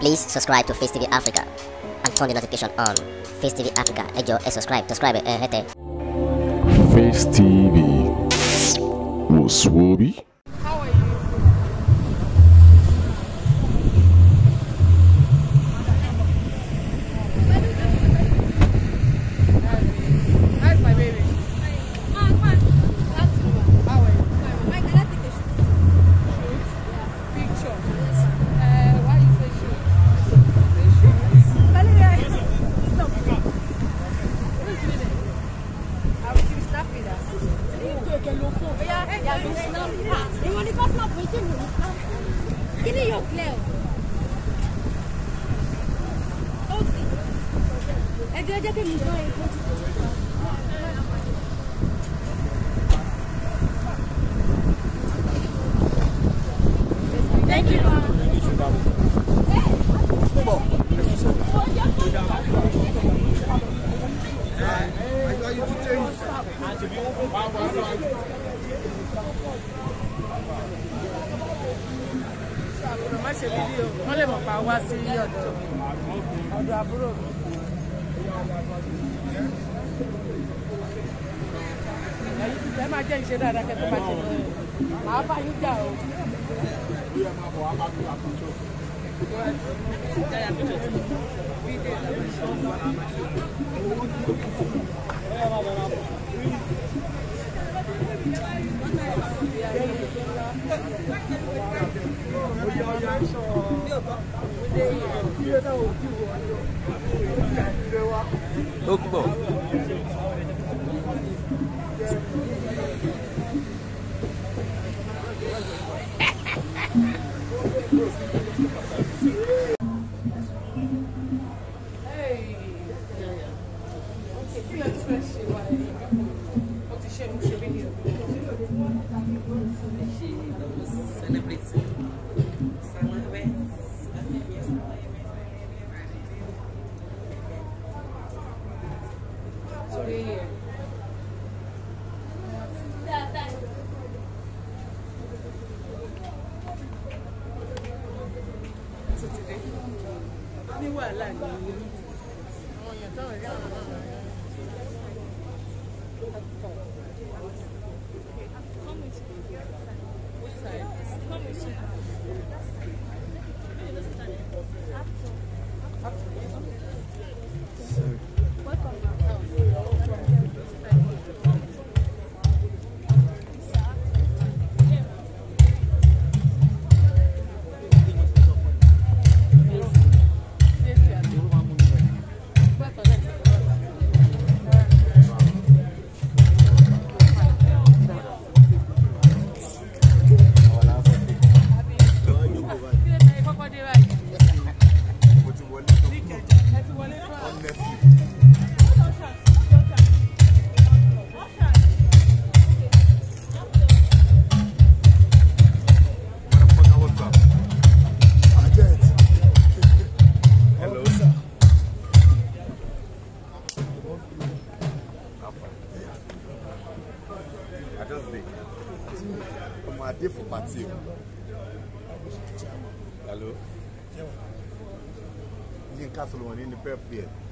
Please subscribe to Face TV Africa and turn the notification on. Face TV Africa, ejo, e subscribe, subscribe, eh, Face TV was Swoby. yẹ̀lò fún ọ yàgò snap èèyàn ní kọ́sìmọ̀ pé tí mi ò ní snap kí ni yóò clear o ó sì ẹjọ́ ẹjẹ́ kí mi gbọ́ ẹ kó ti kó ti kó. Thank you. Thank you. ọ̀rọ̀ má ṣe bíbí o wọ́n lè mọ̀ pa wá sí ọ̀dọ̀ ọ̀dọ̀ àbúrò mi. ẹ máa jẹ́ ìṣe dáadáa kẹ́ tó Thank you. ó Hey, okay, you 另外，来，哎呀，长得人啊，他高，他他胖一 pàdé fún pàtì o. Yínká Solomoni ní pep there.